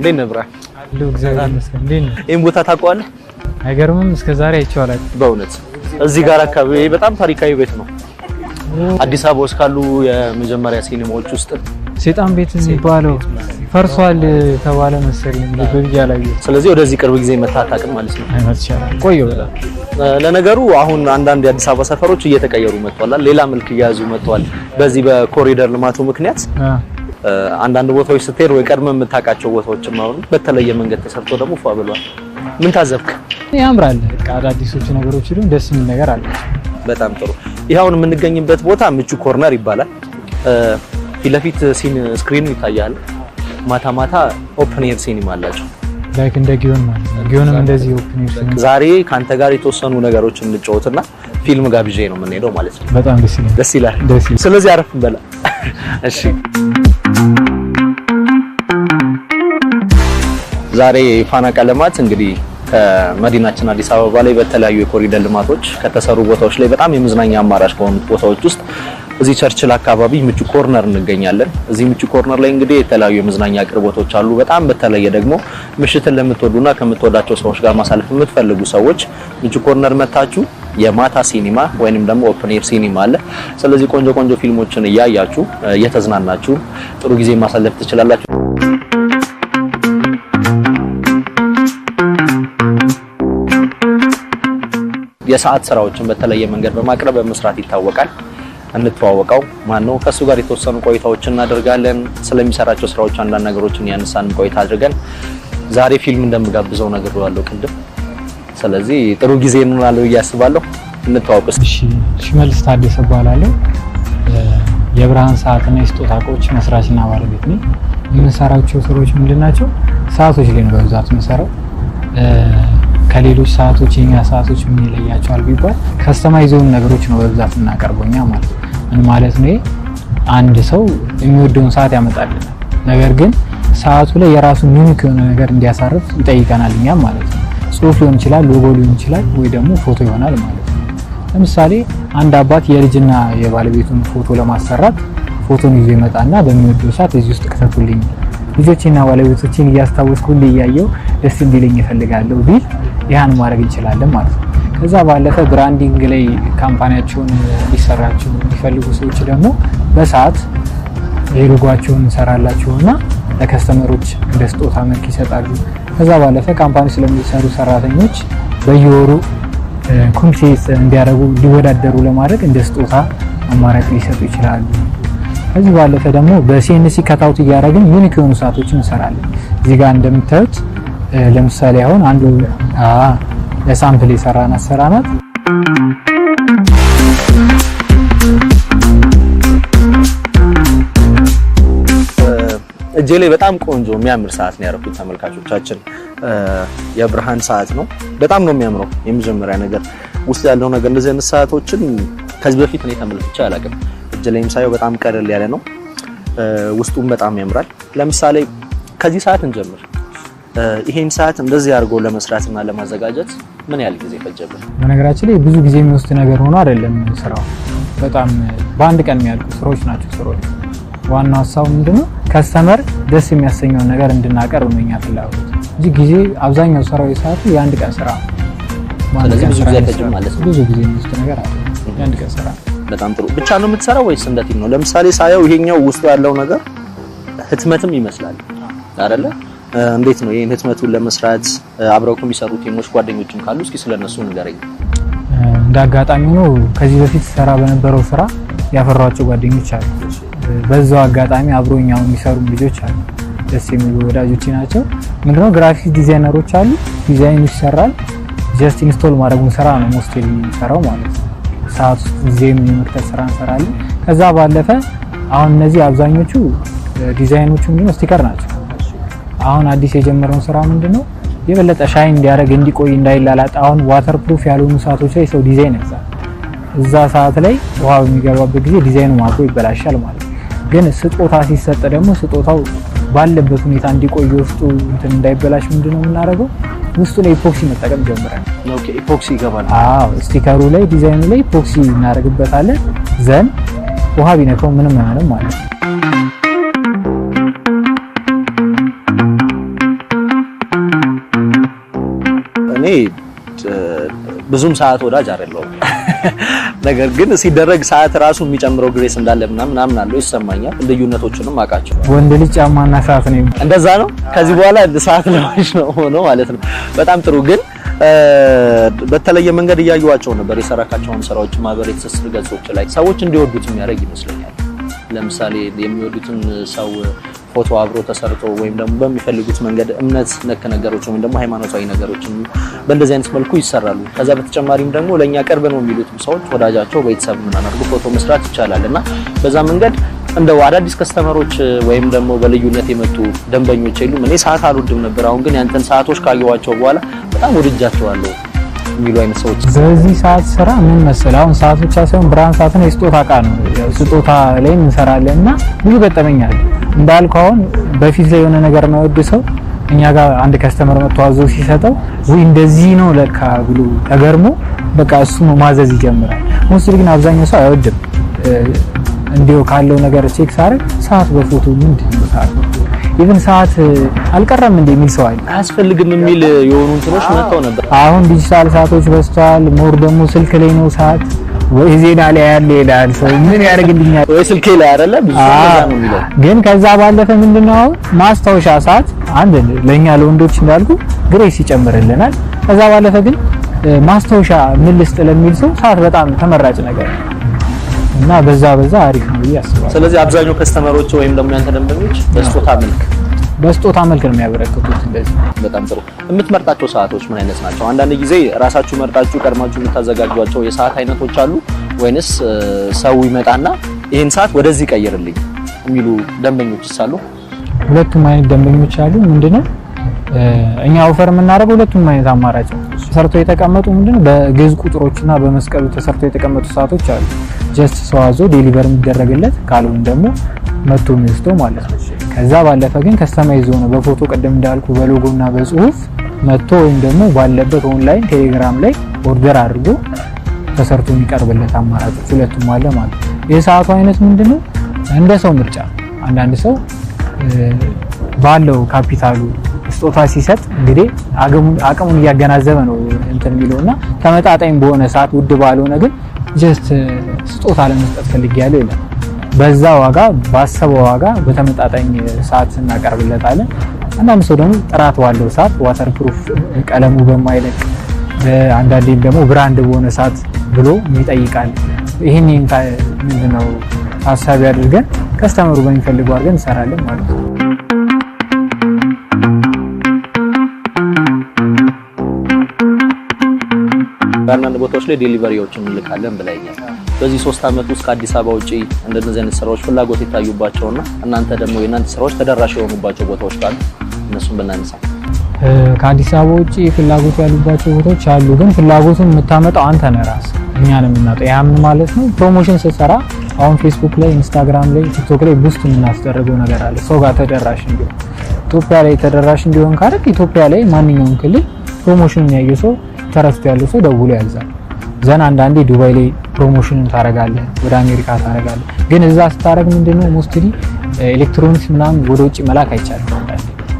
እንዴት ነህ ብርሃን? ይህን ቦታ ታውቀዋለህ? አይገርምም? እስከ ዛሬ አይቼው አላውቅም። በእውነት እዚህ ጋር አካባቢ በጣም ታሪካዊ ቤት ነው። አዲስ አበባ ውስጥ ካሉ የመጀመሪያ ሲኒማዎች ውስጥ ሴጣን ቤት የሚባለው ፈርሷል ተባለ መሰለኝ ልብያ ላይ። ስለዚህ ወደዚህ ቅርብ ጊዜ መታታቅ ማለት ነው። ቆየሁ በጣም ለነገሩ አሁን አንዳንድ የአዲስ አበባ ሰፈሮች እየተቀየሩ መጥቷል። ሌላ መልክ እየያዙ መጥቷል። በዚህ በኮሪደር ልማቱ ምክንያት አንዳንድ ቦታዎች ስትሄድ ወይ ቀድመ የምታውቃቸው ቦታዎችም አሁን በተለየ መንገድ ተሰርቶ ደግሞ ፏ ብሏል። ምን ታዘብክ? ያምራል። በቃ አዳዲሶቹ ነገሮች ሁሉ ደስ የሚል ነገር አለ። በጣም ጥሩ። ይህ አሁን የምንገኝበት ቦታ ምቹ ኮርነር ይባላል። ፊት ለፊት ሲን ስክሪኑ ይታያል። ማታ ማታ ኦፕን ኤር ሲኒማ አላቸው ላይክ እንደ ጊዮን ማለት ጊዮንም እንደዚህ ኦፕን ኤር ሲኒማ። ዛሬ ካንተ ጋር የተወሰኑ ነገሮች እንጫወትና ፊልም ጋብዤ ነው የምንሄደው ማለት ነው። በጣም ደስ ይላል። ደስ ይላል። ስለዚህ አረፍ በላ። እሺ ዛሬ ፋና ቀለማት እንግዲህ ከመዲናችን አዲስ አበባ ላይ በተለያዩ የኮሪደር ልማቶች ከተሰሩ ቦታዎች ላይ በጣም የመዝናኛ አማራጭ ከሆኑት ቦታዎች ውስጥ እዚህ ቸርችል አካባቢ ምቹ ኮርነር እንገኛለን። እዚህ ምቹ ኮርነር ላይ እንግዲህ የተለያዩ የመዝናኛ አቅርቦቶች አሉ። በጣም በተለየ ደግሞ ምሽትን ለምትወዱና ከምትወዳቸው ሰዎች ጋር ማሳለፍ የምትፈልጉ ሰዎች ምቹ ኮርነር መታችሁ የማታ ሲኒማ ወይንም ደግሞ ኦፕን ኤር ሲኒማ አለ። ስለዚህ ቆንጆ ቆንጆ ፊልሞችን እያያችሁ እየተዝናናችሁ ጥሩ ጊዜ ማሳለፍ ትችላላችሁ። የሰዓት ስራዎችን በተለየ መንገድ በማቅረብ በመስራት ይታወቃል። እንተዋወቀው ማን ነው? ከእሱ ጋር የተወሰኑ ቆይታዎችን እናደርጋለን። ስለሚሰራቸው ስራዎች አንዳንድ ነገሮችን ያነሳን ቆይታ አድርገን ዛሬ ፊልም እንደምጋብዘው ያለው ቅድም ስለዚህ ጥሩ ጊዜ እንሆናለን ብዬ አስባለሁ። እንተዋወቅ። እሺ፣ ሽመልስ ታደሰ እባላለሁ። የብርሃን ሰዓትና የስጦታ እቃዎች መስራችና ባለቤት ነኝ። የምንሰራቸው ስራዎች ምንድን ናቸው? ሰዓቶች ላይ ነው በብዛት የምንሰራው። ከሌሎች ሰዓቶች የኛ ሰዓቶች ምን ይለያቸዋል ቢባል ከስተማይዘውን ነገሮች ነው በብዛት እናቀርበው እኛ ማለት ነው። ምን ማለት ነው? አንድ ሰው የሚወደውን ሰዓት ያመጣልናል። ነገር ግን ሰዓቱ ላይ የራሱን ዩኒክ የሆነ ነገር እንዲያሳርፍ ይጠይቀናል እኛም ማለት ነው። ጽሁፍ ሊሆን ይችላል፣ ሎጎ ሊሆን ይችላል፣ ወይ ደግሞ ፎቶ ይሆናል ማለት ነው። ለምሳሌ አንድ አባት የልጅና የባለቤቱን ፎቶ ለማሰራት ፎቶን ይዞ ይመጣና በሚወደው ሰዓት እዚህ ውስጥ ክተቱልኝ፣ ልጆቼና ባለቤቶቼን እያስታወስኩ እያየው ደስ እንዲለኝ ይፈልጋለሁ ቢል ይህን ማድረግ እንችላለን ማለት ነው። ከዛ ባለፈ ብራንዲንግ ላይ ካምፓኒያቸውን ሊሰራቸው የሚፈልጉ ሰዎች ደግሞ በሰዓት የሎጓቸውን እንሰራላቸውና ለከስተመሮች እንደ ስጦታ መልክ ይሰጣሉ። ከዛ ባለፈ ካምፓኒ ስለሚሰሩ ሰራተኞች በየወሩ ኮምፔት እንዲያደርጉ እንዲወዳደሩ ለማድረግ እንደ ስጦታ አማራጭ ሊሰጡ ይችላሉ። ከዚህ ባለፈ ደግሞ በሲኤንሲ ከታውት እያደረግን ዩኒክ የሆኑ ሰዓቶችን እንሰራለን። እዚህ ጋር እንደምታዩት ለምሳሌ አሁን አንዱ ለሳምፕል የሰራን አሰራናት እጄ ላይ በጣም ቆንጆ የሚያምር ሰዓት ነው ያደረኩት። ተመልካቾቻችን የብርሃን ሰዓት ነው። በጣም ነው የሚያምረው። የመጀመሪያ ነገር ውስጥ ያለው ነገር እንደዚህ አይነት ሰዓቶችን ከዚህ በፊት እኔ ተመልክቼ አላውቅም። እጄ ላይም ሳየው በጣም ቀለል ያለ ነው፣ ውስጡም በጣም ያምራል። ለምሳሌ ከዚህ ሰዓት እንጀምር። ይሄን ሰዓት እንደዚህ አድርጎ ለመስራትና ለማዘጋጀት ምን ያህል ጊዜ ፈጀብን? በነገራችን ላይ ብዙ ጊዜ የሚወስድ ነገር ሆኖ አይደለም ስራው፣ በጣም በአንድ ቀን የሚያልቁ ስራዎች ናቸው። ስራዎች ዋናው ሀሳቡ ምንድነው ከስተመር ደስ የሚያሰኘውን ነገር እንድናቀርብ ነው እኛ ፍላጎት እንጂ ጊዜ አብዛኛው ሰራዊ ሰዓቱ የአንድ ቀን ስራ ብዙ ጊዜ የሚወስድ ነገር አለ። የአንድ ቀን ስራ በጣም ጥሩ ብቻ ነው የምትሰራው ወይስ እንደት ነው? ለምሳሌ ሳየው ይሄኛው ውስጡ ያለው ነገር ህትመትም ይመስላል አይደለ? እንዴት ነው ይህን ህትመቱን ለመስራት አብረው የሚሰሩ ቲሞች ጓደኞችም ካሉ እስኪ ስለነሱ ንገረኝ። እንደ አጋጣሚ ነው ከዚህ በፊት ሰራ በነበረው ስራ ያፈራኋቸው ጓደኞች አሉ በዛው አጋጣሚ አብሮኛው የሚሰሩ ልጆች አሉ፣ ደስ የሚሉ ወዳጆች ናቸው። ምንድነው ግራፊክስ ዲዛይነሮች አሉ፣ ዲዛይን ይሰራል። ጀስት ኢንስቶል ማድረጉን ስራ ነው ሞስቴል የሚሰራው ማለት ነው። ሰዓት ጊዜም የመክተት ስራ እንሰራለን። ከዛ ባለፈ አሁን እነዚህ አብዛኞቹ ዲዛይኖቹ ምንድነው ስቲከር ናቸው። አሁን አዲስ የጀመረውን ስራ ምንድነው የበለጠ ሻይን እንዲያደርግ እንዲቆይ እንዳይላላጥ አሁን ዋተር ፕሩፍ ያልሆኑ ሰዓቶች ላይ ሰው ዲዛይን ያዛል። እዛ ሰዓት ላይ ውሃ በሚገባበት ጊዜ ዲዛይኑ አብሮ ይበላሻል ማለት ነው። ግን ስጦታ ሲሰጥ ደግሞ ስጦታው ባለበት ሁኔታ እንዲቆይ ውስጡ እንትን እንዳይበላሽ ምንድን ነው የምናደርገው? ውስጡ ላይ ኢፖክሲ መጠቀም ጀምራል። ኢፖክሲ ይገባል። ስቲከሩ ላይ ዲዛይኑ ላይ ኢፖክሲ እናደርግበታለን። ዘን ውሃ ቢነካው ምንም አይሆንም ማለት ነው። እኔ ብዙም ሰዓት ወዳጅ አይደለሁም። ነገር ግን ሲደረግ ሰዓት ራሱ የሚጨምረው ግሬስ እንዳለ ምናምን ምናምን አለው ይሰማኛል። ልዩነቶችንም አውቃቸው። ወንድ ልጅ ጫማና ሰዓት ነው፣ እንደዛ ነው። ከዚህ በኋላ ሰዓት ለማሽ ነው ሆኖ ማለት ነው። በጣም ጥሩ ግን በተለየ መንገድ እያዩዋቸው ነበር። የሰራካቸውን ስራዎች ማህበራዊ ትስስር ገጾች ላይ ሰዎች እንዲወዱት የሚያደርግ ይመስለኛል። ለምሳሌ የሚወዱትን ሰው ፎቶ አብሮ ተሰርቶ ወይም ደግሞ በሚፈልጉት መንገድ እምነት ነክ ነገሮች ወይም ደግሞ ሃይማኖታዊ ነገሮችን በእንደዚህ አይነት መልኩ ይሰራሉ። ከዛ በተጨማሪም ደግሞ ለእኛ ቅርብ ነው የሚሉት ሰዎች ወዳጃቸው፣ ቤተሰብ ምናምን ፎቶ መስራት ይቻላል እና በዛ መንገድ እንደው አዳዲስ ከስተመሮች ወይም ደግሞ በልዩነት የመጡ ደንበኞች የሉም። እኔ ሰዓት አልወድም ነበር። አሁን ግን ያንተን ሰዓቶች ካየኋቸው በኋላ በጣም ወድጃቸዋለሁ። የሚሉ አይነት ሰዎች በዚህ ሰዓት ስራ ምን መሰለህ፣ አሁን ሰዓት ብቻ ሳይሆን ብርሃን ሰዓትን የስጦታ እቃ ነው። ስጦታ ላይ እንሰራለን እና ብዙ ገጠመኛል እንዳልኩ። አሁን በፊት ላይ የሆነ ነገር ነው ወድ ሰው እኛ ጋር አንድ ከስተመር መጥቶ አዞ ሲሰጠው ወይ እንደዚህ ነው ለካ ብሎ ተገርሞ በቃ እሱ ነው ማዘዝ ይጀምራል። ሙስሊም ግን አብዛኛው ሰው አይወድም። እንዲሁ ካለው ነገር ቼክ ሳረግ ሰዓት በፎቶ ምንድን ነው ኢቭን ሰዓት አልቀረም እንደ የሚል ሰው አይደል አያስፈልግም የሚል የሆኑ እንትኖች መጥተው ነበር። አሁን ዲጂታል ሰዓቶች በዝተዋል። ሞር ደግሞ ስልክ ላይ ነው ሰዓት ወይ ዜና ላይ ያለ ይላል ሰው ምን ያደርግልኛል? ወይ ስልኬ ላይ አይደለ ብዙ ነው የሚለው። ግን ከዛ ባለፈ ምንድነው ማስታወሻ ሰዓት አንድ ለኛ ለወንዶች እንዳልኩ ግሬስ ይጨምርልናል። ከዛ ባለፈ ግን ማስታወሻ ምን ልስጥ ለሚል ሰው ሰዓት በጣም ተመራጭ ነገር ነው። እና በዛ በዛ አሪፍ ነው ብዬ ስለዚህ አብዛኛው ከስተመሮች ወይም ደግሞ ያንተ ደንበኞች በስጦታ መልክ በስጦታ መልክ ነው የሚያበረክቱት። እንደዚህ በጣም ጥሩ። የምትመርጣቸው ሰዓቶች ምን አይነት ናቸው? አንዳንድ ጊዜ ራሳችሁ መርጣችሁ ቀድማችሁ የምታዘጋጇቸው የሰዓት አይነቶች አሉ ወይንስ ሰው ይመጣና ይህን ሰዓት ወደዚህ ቀይርልኝ የሚሉ ደንበኞችስ አሉ? ሁለቱም አይነት ደንበኞች አሉ። ምንድነው እኛ ኦፈር የምናደርገው ሁለቱም አይነት አማራጭ ተሰርተው የተቀመጡ ምንድነው በግዕዝ ቁጥሮችና በመስቀሉ ተሰርተው የተቀመጡ ሰዓቶች አሉ። ጀስት ሰው አዞ ዴሊቨር የሚደረግለት ካልሆነ ደግሞ መቶ የሚወስደው ማለት ነው። ከዛ ባለፈ ግን ከስተማይዝ ሆነ በፎቶ ቅድም እንዳልኩ እና በጽሁፍ መጥቶ ወይም ደግሞ ባለበት ኦንላይን ቴሌግራም ላይ ኦርደር አድርጎ ተሰርቶ የሚቀርብለት አማራጭ ሁለቱም አለ ማለት ነው። የሰዓቱ አይነት ምንድነው? እንደ ሰው ምርጫ። አንዳንድ ሰው ባለው ካፒታሉ ስጦታ ሲሰጥ እንግዲህ አቅሙን እያገናዘበ ነው እንትን የሚለውና ተመጣጣኝ በሆነ ሰዓት ውድ ባልሆነ ግን ጀስት uh, ስጦታ ለመስጠት ፈልጌያለሁ ይላል። በዛ ዋጋ ባሰበው ዋጋ በተመጣጣኝ ሰዓት እናቀርብለታለን። አንዳንድ ሰው ደግሞ ጥራት ባለው ሰዓት ዋተር ፕሩፍ ቀለሙ በማይለቅ አንዳንዴም ደግሞ ብራንድ በሆነ ሰዓት ብሎ ይጠይቃል። ይህን ምንድነው ታሳቢ አድርገን ከስተመሩ በሚፈልገው አድርገን እንሰራለን ማለት ነው። በአንዳንድ ቦታዎች ላይ ዴሊቨሪዎችን እንልካለን ብለኛል። በዚህ ሶስት ዓመት ውስጥ ከአዲስ አበባ ውጭ እንደነዚህ አይነት ስራዎች ፍላጎት የታዩባቸውና እናንተ ደግሞ የእናንተ ስራዎች ተደራሽ የሆኑባቸው ቦታዎች ካሉ እነሱን ብናነሳ። ከአዲስ አበባ ውጭ ፍላጎት ያሉባቸው ቦታዎች አሉ፣ ግን ፍላጎቱን የምታመጣው አንተ ነህ ራስ እኛ ነው የምናጠው። ያምን ማለት ነው ፕሮሞሽን ስትሰራ አሁን ፌስቡክ ላይ፣ ኢንስታግራም ላይ፣ ቲክቶክ ላይ ቡስት የምናስደርገው ነገር አለ ሰው ጋር ተደራሽ እንዲሆን ኢትዮጵያ ላይ ተደራሽ እንዲሆን ካደረግ ኢትዮጵያ ላይ ማንኛውም ክልል ፕሮሞሽን የሚያየ ሰው ተረስቶ ያለው ሰው ደውሎ ያዛል። ዘን አንዳንዴ ዱባይ ላይ ፕሮሞሽን ታረጋለ፣ ወደ አሜሪካ ታረጋለ። ግን እዛ ስታረግ ምንድነው ሞስትሊ ኤሌክትሮኒክስ ምናምን ወደ ውጭ መላክ አይቻልም።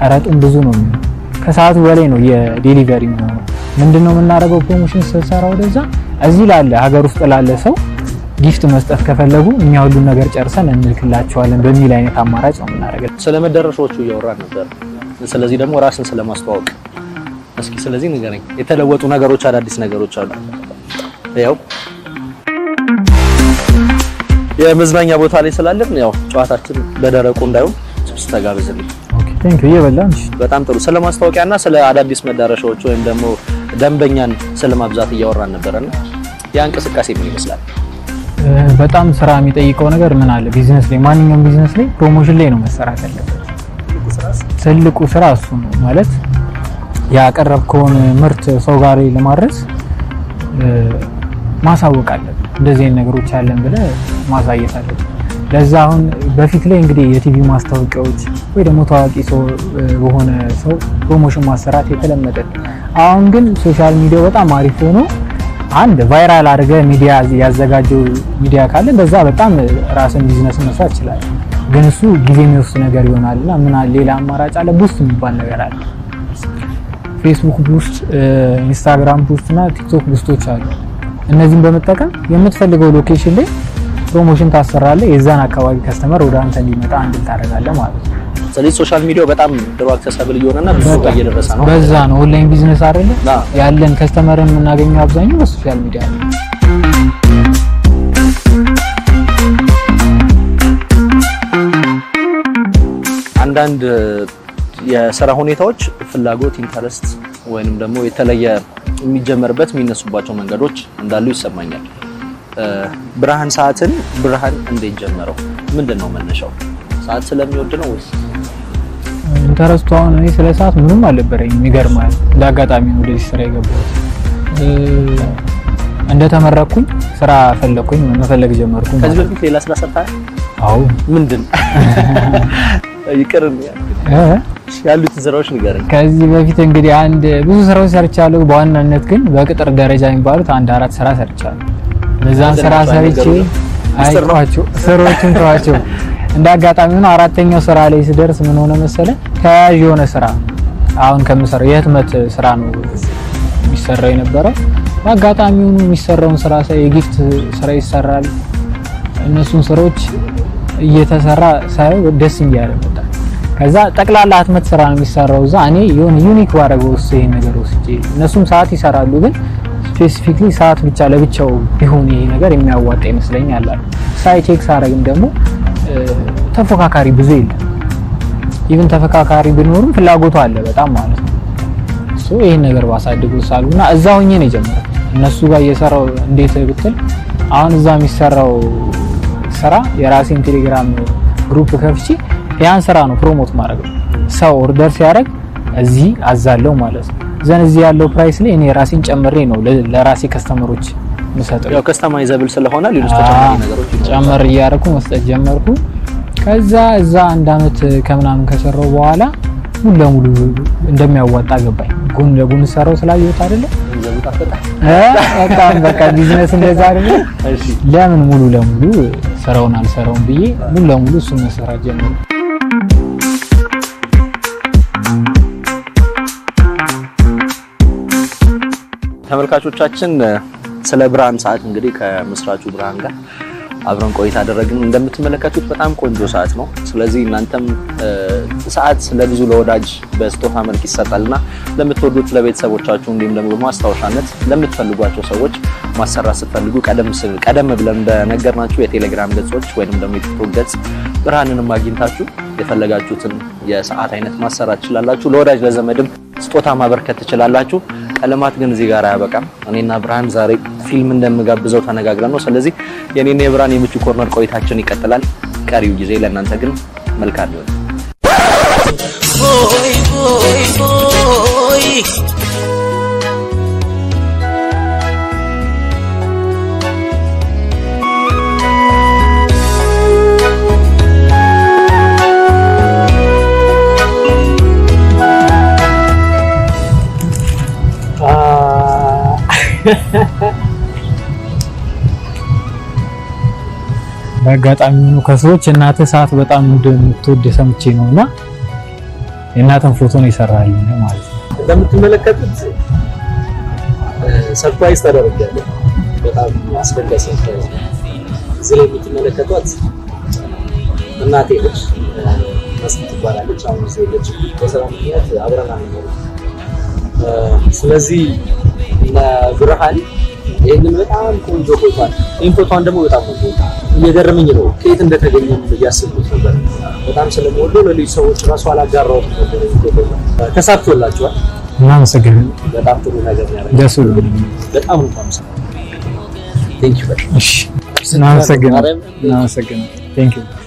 ቀረጡን ብዙ ነው የሚሆነው፣ ከሰዓቱ በላይ ነው የዴሊቨሪ የሚሆነው። ምንድነው የምናደርገው ፕሮሞሽን ስንሰራ ወደዛ እዚህ ላለ ሀገር ውስጥ ላለ ሰው ጊፍት መስጠት ከፈለጉ እኛ ሁሉን ነገር ጨርሰን እንልክላቸዋለን በሚል አይነት አማራጭ ነው የምናደርገው። ስለመዳረሻዎቹ እያወራን ነበር። ስለዚህ ደግሞ ራስን ስለማስተዋወቅ እስኪ ስለዚህ ንገረኝ። የተለወጡ ነገሮች አዳዲስ ነገሮች አሉ። ያው የመዝናኛ ቦታ ላይ ስላለን ያው ጨዋታችን በደረቁ እንዳይሆን ችፕስ ተጋብዝልኝ። በጣም ጥሩ። ስለ ማስታወቂያና ስለ አዳዲስ መዳረሻዎች ወይም ደግሞ ደንበኛን ስለ ማብዛት እያወራን ነበረና ያ እንቅስቃሴ ምን ይመስላል? በጣም ስራ የሚጠይቀው ነገር ምን አለ? ቢዝነስ ላይ ማንኛውም ቢዝነስ ላይ ፕሮሞሽን ላይ ነው መሰራት ያለበት። ትልቁ ስራ እሱ ነው ማለት ያቀረብከውን ምርት ሰው ጋር ለማድረስ ማሳወቅ አለብን። እንደዚህ አይነት ነገሮች አለን ብለ ማሳየት አለብን። ለዛ አሁን በፊት ላይ እንግዲህ የቲቪ ማስታወቂያዎች ወይ ደግሞ ታዋቂ ሰው በሆነ ሰው ፕሮሞሽን ማሰራት የተለመደ አሁን ግን ሶሻል ሚዲያው በጣም አሪፍ ሆኖ አንድ ቫይራል አድርገ ሚዲያ ያዘጋጀው ሚዲያ ካለ በዛ በጣም ራስን ቢዝነስ መስራት ይችላል። ግን እሱ ጊዜ የሚወስድ ነገር ይሆናልና ምን ሌላ አማራጭ አለ? ቡስት የሚባል ነገር አለ። ፌስቡክ ቡስት፣ ኢንስታግራም ቡስት እና ቲክቶክ ቡስቶች አሉ። እነዚህን በመጠቀም የምትፈልገው ሎኬሽን ላይ ፕሮሞሽን ታሰራለህ። የዛን አካባቢ ከስተመር ወደ አንተ እንዲመጣ አንድል ታደርጋለህ ማለት ነው። ስለዚህ ሶሻል ሚዲያው በጣም ድሮ አክሰሰብል እየሆነና ብዙ ጋር እየደረሰ ነው። በዛ ነው ኦንላይን ቢዝነስ አይደለ ያለን ከስተመር የምናገኘው አብዛኛው በሶሻል ሚዲያ ነው። አንዳንድ የስራ ሁኔታዎች ፍላጎት፣ ኢንተረስት ወይንም ደግሞ የተለየ የሚጀመርበት የሚነሱባቸው መንገዶች እንዳሉ ይሰማኛል። ብርሃን ሰዓትን ብርሃን እንዴት ጀመረው? ምንድን ነው መነሻው? ሰዓት ስለሚወድ ነው ወይስ ኢንተረስቱ? አሁን እኔ ስለ ሰዓት ምንም አልነበረኝ። ይገርማል። እንደ ነው ወደዚህ ስራ የገባሁት። እንደተመረኩኝ ስራ ፈለግኩኝ፣ መፈለግ ጀመርኩ። ከዚህ በፊት ሌላ ስራ ሰርታ? አዎ። ምንድን ይቅር ያሉትን ስራዎች ንገረኝ። ከዚህ በፊት እንግዲህ አንድ ብዙ ስራዎች ሰርቻለሁ። በዋናነት ግን በቅጥር ደረጃ የሚባሉት አንድ አራት ስራ ሰርቻለሁ። በዛን ስራ ሰርቼ አይቋቸው ስራዎችን ተዋቸው። እንደ አጋጣሚ ሆኖ አራተኛው ስራ ላይ ስደርስ ምን ሆነ መሰለ፣ ተያያዥ የሆነ ስራ አሁን ከምሰራው የህትመት ስራ ነው የሚሰራው የነበረው። በአጋጣሚ ሆኖ የሚሰራውን ስራ ሳይ የጊፍት ስራ ይሰራል። እነሱን ስራዎች እየተሰራ ሳይ ደስ እያለ ከዛ ጠቅላላ ህትመት ስራ ነው የሚሰራው እዛ። እኔ የሆነ ዩኒክ ባረገው እሱ ይሄን ነገር ወስጄ እነሱም ሰዓት ይሰራሉ፣ ግን ስፔሲፊክሊ ሰዓት ብቻ ለብቻው ቢሆን ይሄ ነገር የሚያዋጣ ይመስለኛል አሉ። ሳይቼክ ሳረግም ደግሞ ተፎካካሪ ብዙ የለም። ኢቭን ተፎካካሪ ቢኖርም ፍላጎቱ አለ በጣም ማለት ነው። እሱ ይሄን ነገር ባሳድጉ ሳሉና እዛ ሆኜ ነው የጀመረው እነሱ ጋር እየሰራው እንዴት ብትል አሁን እዛ የሚሰራው ስራ የራሴን ቴሌግራም ግሩፕ ከፍቼ ያን ስራ ነው ፕሮሞት ማድረግ ነው። ሰው ኦርደር ሲያደርግ እዚህ አዛለው ማለት ነው። ዘን እዚህ ያለው ፕራይስ ላይ እኔ ራሴን ጨምሬ ነው ለራሴ ከስተመሮች ምሰጠው። ያው ከስተማይዘብል ስለሆነ ሌሎች ተጨማሪ ነገሮች ጨምር እያደረኩ መስጠት ጀመርኩ። ከዛ እዛ አንድ አመት ከምናምን ከሰራው በኋላ ሙሉ ለሙሉ እንደሚያዋጣ ገባኝ። ጎን ለጎን ሰራው ስላየሁት አይደለ በጣም በቃ ቢዝነስ እንደዛ አይደለ። ለምን ሙሉ ለሙሉ ስራውን አልሰራውም ብዬ ሙሉ ለሙሉ እሱ መስራት ጀመርኩ። ተመልካቾቻችን ስለ ብርሃን ሰዓት እንግዲህ ከመስራቹ ብርሃን ጋር አብረን ቆይታ አደረግን። እንደምትመለከቱት በጣም ቆንጆ ሰዓት ነው። ስለዚህ እናንተም ሰዓት ለብዙ ለወዳጅ በስጦታ መልክ ይሰጣልና ለምትወዱት ለቤተሰቦቻችሁ፣ እንዲሁም ደግሞ በማስታወሻነት ለምትፈልጓቸው ሰዎች ማሰራት ስትፈልጉ ቀደም ብለን በነገርናችሁ የቴሌግራም ገጾች ወይም ደግሞ የቲክቶክ ገጽ ብርሃንንም አግኝታችሁ የፈለጋችሁትን የሰዓት አይነት ማሰራት ትችላላችሁ። ለወዳጅ ለዘመድም ስጦታ ማበርከት ትችላላችሁ። ቀለማት ግን እዚህ ጋር አያበቃም። እኔና ብርሃን ዛሬ ፊልም እንደምጋብዘው ተነጋግረን ነው። ስለዚህ የኔና የብርሃን የምቹ ኮርነር ቆይታችን ይቀጥላል። ቀሪው ጊዜ ለእናንተ ግን መልካም ይሁን። በአጋጣሚ ሆኖ ከሰዎች እናተ ሰዓት በጣም እንደምትወድ ሰምቼ ነው እና የእናተን ፎቶ ነው የሰራልኝ ማለት ነው። እንደምትመለከቱት ሰርፕራይዝ ተደርጊያለሁ። በጣም አስደንጋጭ ነው። እዚህ ላይ የምትመለከቷት እናቴ ልጅ መስት ትባላለች። አሁን ዜ ልጅ በስራ ምክንያት አብረን ነው። ስለዚህ ለብርሃን ይህንን በጣም ቆንጆ ፎቷን ይህን ፎቷን ደግሞ በጣም ቆንጆ እየገረመኝ ነው ከየት እንደተገኘ እያስብኩት ነበር። በጣም ስለምወደው ለልዩ ሰዎች ራሱ አላጋራው ነበር። ተሳክቶላቸዋል። እናመሰግናለን። በጣም ጥሩ ነገር ያደረገ ደስ ብሎኝ እናመሰግናለን። እናመሰግናለን።